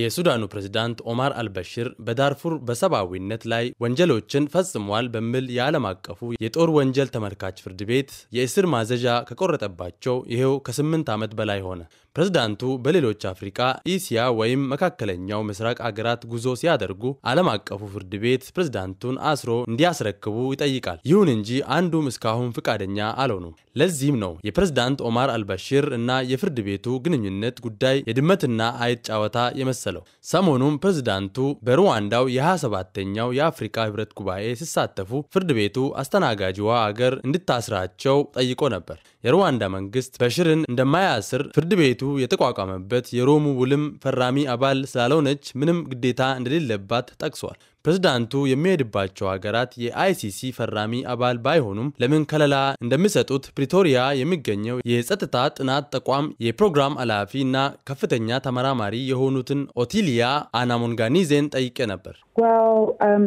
የሱዳኑ ፕሬዝዳንት ኦማር አልበሽር በዳርፉር በሰብአዊነት ላይ ወንጀሎችን ፈጽሟል በሚል የዓለም አቀፉ የጦር ወንጀል ተመልካች ፍርድ ቤት የእስር ማዘዣ ከቆረጠባቸው ይሄው ከስምንት ዓመት በላይ ሆነ። ፕሬዝዳንቱ በሌሎች አፍሪካ፣ ኢሲያ ወይም መካከለኛው ምስራቅ አገራት ጉዞ ሲያደርጉ ዓለም አቀፉ ፍርድ ቤት ፕሬዝዳንቱን አስሮ እንዲያስረክቡ ይጠይቃል። ይሁን እንጂ አንዱም እስካሁን ፍቃደኛ አልሆኑም። ለዚህም ነው የፕሬዝዳንት ኦማር አልበሽር እና የፍርድ ቤቱ ግንኙነት ጉዳይ የድመትና አይጥ ጨዋታ የመሰ የመሰለው። ሰሞኑም ፕሬዝዳንቱ በሩዋንዳው የ 27 ተኛው የአፍሪካ ህብረት ጉባኤ ሲሳተፉ ፍርድ ቤቱ አስተናጋጅዋ አገር እንድታስራቸው ጠይቆ ነበር። የሩዋንዳ መንግስት በሽርን እንደማያስር ፍርድ ቤቱ የተቋቋመበት የሮሙ ውልም ፈራሚ አባል ስላልሆነች ምንም ግዴታ እንደሌለባት ጠቅሷል። ፕሬዝዳንቱ የሚሄድባቸው ሀገራት የአይሲሲ ፈራሚ አባል ባይሆኑም ለምን ከለላ እንደሚሰጡት ፕሪቶሪያ የሚገኘው የጸጥታ ጥናት ተቋም የፕሮግራም ኃላፊ እና ከፍተኛ ተመራማሪ የሆኑትን ኦቲሊያ አናሞንጋኒዜን ጠይቄ ነበር። um,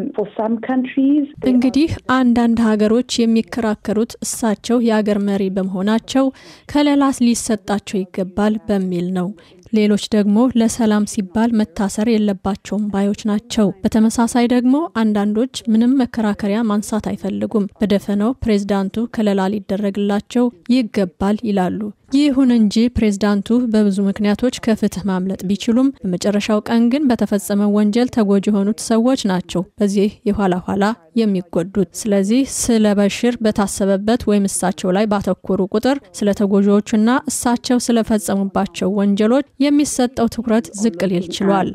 እንግዲህ አንዳንድ ሀገሮች የሚከራከሩት እሳቸው የሀገር መሪ በመሆናቸው ከለላ ሊሰጣቸው ይገባል በሚል ነው። ሌሎች ደግሞ ለሰላም ሲባል መታሰር የለባቸውም ባዮች ናቸው። በተመሳሳይ ደግሞ አንዳንዶች ምንም መከራከሪያ ማንሳት አይፈልጉም። በደፈነው ፕሬዝዳንቱ ከለላ ሊደረግላቸው ይገባል ይላሉ። ይሁን እንጂ ፕሬዝዳንቱ በብዙ ምክንያቶች ከፍትህ ማምለጥ ቢችሉም በመጨረሻው ቀን ግን በተፈጸመው ወንጀል ተጎጂ የሆኑት ሰዎች ናቸው በዚህ የኋላ ኋላ የሚጎዱት። ስለዚህ ስለ በሽር በታሰበበት ወይም እሳቸው ላይ ባተኮሩ ቁጥር ስለ ተጎጂዎቹና እሳቸው ስለፈጸሙባቸው ወንጀሎች የሚሰጠው ትኩረት ዝቅ ሊል ችሏል።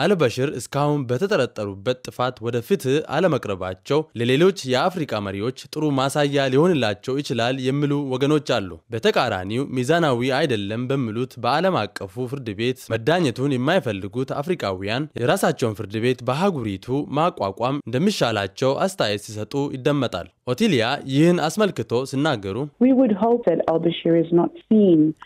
አልበሽር እስካሁን በተጠረጠሩበት ጥፋት ወደ ፍትህ አለመቅረባቸው ለሌሎች የአፍሪካ መሪዎች ጥሩ ማሳያ ሊሆንላቸው ይችላል የሚሉ ወገኖች አሉ። በተቃራኒው ሚዛናዊ አይደለም በሚሉት በዓለም አቀፉ ፍርድ ቤት መዳኘቱን የማይፈልጉት አፍሪካውያን የራሳቸውን ፍርድ ቤት በአህጉሪቱ ማቋቋም እንደሚሻላቸው አስተያየት ሲሰጡ ይደመጣል። ኦቲሊያ ይህን አስመልክቶ ሲናገሩ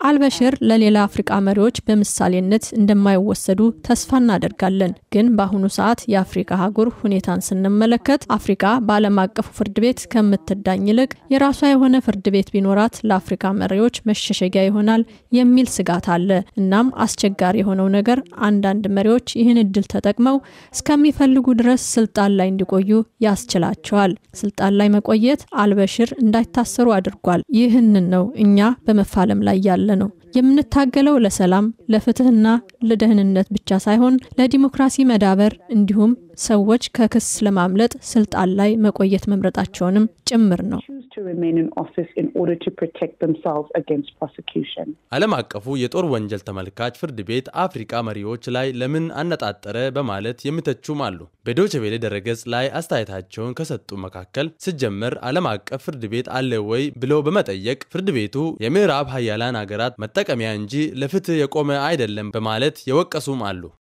አልበሽር ለሌላ አፍሪካ መሪዎች በምሳሌነት እንደማይወሰዱ ተስፋ እናደርግ እናደርጋለን። ግን በአሁኑ ሰዓት የአፍሪካ አህጉር ሁኔታን ስንመለከት አፍሪካ በዓለም አቀፉ ፍርድ ቤት ከምትዳኝ ይልቅ የራሷ የሆነ ፍርድ ቤት ቢኖራት ለአፍሪካ መሪዎች መሸሸጊያ ይሆናል የሚል ስጋት አለ። እናም አስቸጋሪ የሆነው ነገር አንዳንድ መሪዎች ይህን እድል ተጠቅመው እስከሚፈልጉ ድረስ ስልጣን ላይ እንዲቆዩ ያስችላቸዋል። ስልጣን ላይ መቆየት አልበሽር እንዳይታሰሩ አድርጓል። ይህንን ነው እኛ በመፋለም ላይ ያለ ነው። የምንታገለው ለሰላም፣ ለፍትህና ለደህንነት ብቻ ሳይሆን ለዲሞክራሲ መዳበር እንዲሁም ሰዎች ከክስ ለማምለጥ ስልጣን ላይ መቆየት መምረጣቸውንም ጭምር ነው። to remain in office in order to protect themselves against prosecution። ዓለም አቀፉ የጦር ወንጀል ተመልካች ፍርድ ቤት አፍሪካ መሪዎች ላይ ለምን አነጣጠረ በማለት የሚተቹም አሉ። በዶይቼ ቬለ ድረገጽ ላይ አስተያየታቸውን ከሰጡ መካከል ሲጀመር ዓለም አቀፍ ፍርድ ቤት አለ ወይ ብለው በመጠየቅ ፍርድ ቤቱ የምዕራብ ሀያላን አገራት መጠቀሚያ እንጂ ለፍትህ የቆመ አይደለም በማለት የወቀሱም አሉ።